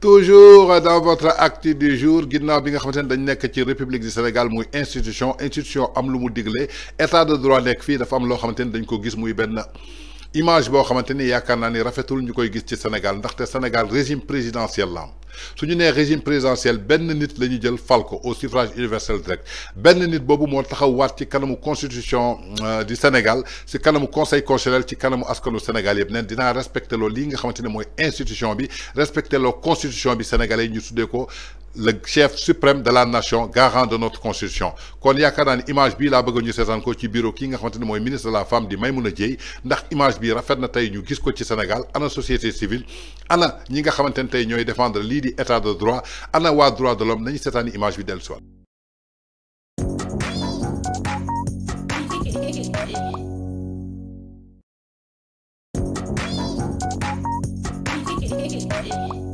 toujours dans votre acte du jour ginnaaw bi république du Sénégal institution institution am état de droit des filles, dafa am de image boo xamante ni yaakaar naa ni rafetul ñu koy gis ci Sénégal ndaxte Sénégal régime présidentiel la am su ñu nee régime présidentiel benn nit la jël fal ko au suffrage universel direct benn nit boobu moo taxawaat ci kanamu constitution euh, di Sénégal si kanamu conseil constitutionnel ci kanamu askanu Sénégal yëpp neen dinaa respecté loo lii nga xamante ne mooy institution bi respecté loo constitution bi sénégalais ñu sudee ko. le chef suprême de la nation garant de notre constitution kon a naa une image bii laa bëgg ñu seetaan ko ci bureau qui nga xamante ministre de la femme di Maimouna Dièye ndax image bii rafet na du ñu ce ko ci Sénégal ana société civile ana ñi nga xamante ne défendre l'état di état de droit à ana loi droit de l'homme nañu seetaani image bi dellu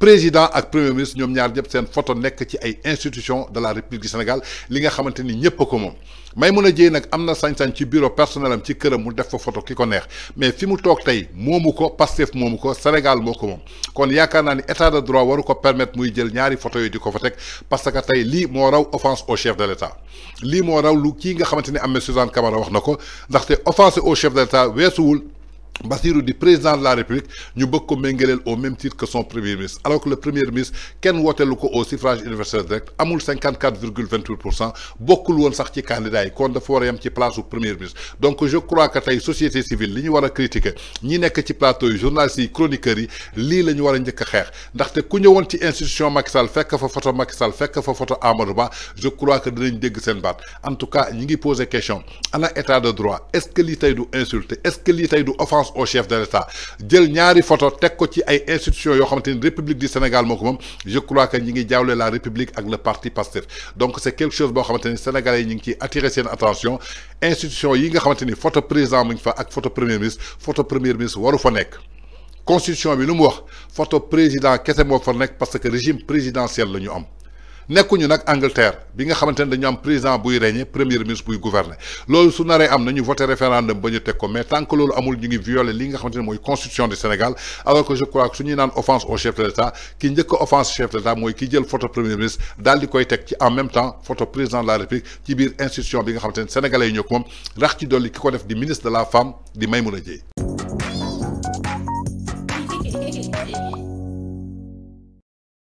président ak premier ministre ñom ñaar ñëpp seen photo nek ci ay institution de la république du Sénégal li nga xamanteni ni ko mom may mëna jé nak amna sañ-sañ ci bureau personnel am ci kërëm mu def fa photo qui connaît. neex mais fi mu tok tay momuko Pastef Sénégal moko mom kon yaakaar naa ni état de droit waru ko permettre muy jël ñaari photo yu diko fa tek parce que tay li mo raw offense au chef de l'État. Li mo raw lu ki nga xamanteni amé Suzanne Camara wax nako ndaxte offense au chef de l'État, wessuul Bassirou dit président de la république ñu bëgg ko au même titre que son premier ministre alors que le premier ministre Ken wooteelu au suffrage universel direct a 54,28%, beaucoup virgule vingt huit bokkul sax candidat yi a un ci place au premier ministre donc je crois que la société civile li ñu war a critiquer ñi nekk ci plateau yi journalistes yi chroniqueurs yi lii la ñu war a njëkk a xeex ci institution Macky Sall fekk fa photo Macky Sall fekk fa photo Amadou je crois que dinañ dégg seen baat en tout cas ñi ngi poser question en état de droit est ce que l'État est du est ce que l'État est du au chef de l'État jël ñaari photo teg ko ci ay institutions yo xamanteni république du Sénégal moko mom je crois que ñi ngi la république ak le parti Pastef donc c'est quelque chose que xamanteni sénégalais ñi ngi attirer sen attention institution yi nga xamanteni photo président mu fa ak photo premier ministre photo premier ministre waru fa constitution bi lu mu wax photo président kese mo fa nek parce que régime présidentiel la ñu am nekkuñu nak Angleterre bi nga xamantene dañu am président buy régner premier ministre buy gouverner loolu su naré am nañu voté référendum bañu ñu ko mais tant que loolu amul ñu ngi violer li nga xamantene constitution du Sénégal alors que je crois que su avons offense au chef de l'État ki ñëk offense chef de l'État qui ki jël photo premier ministre dans di koy ci en même temps photo président de la République ci biir institution bi nga xamantene sénégalais yi mom rax ci doli kiko def di ministre de la femme di Maïmouna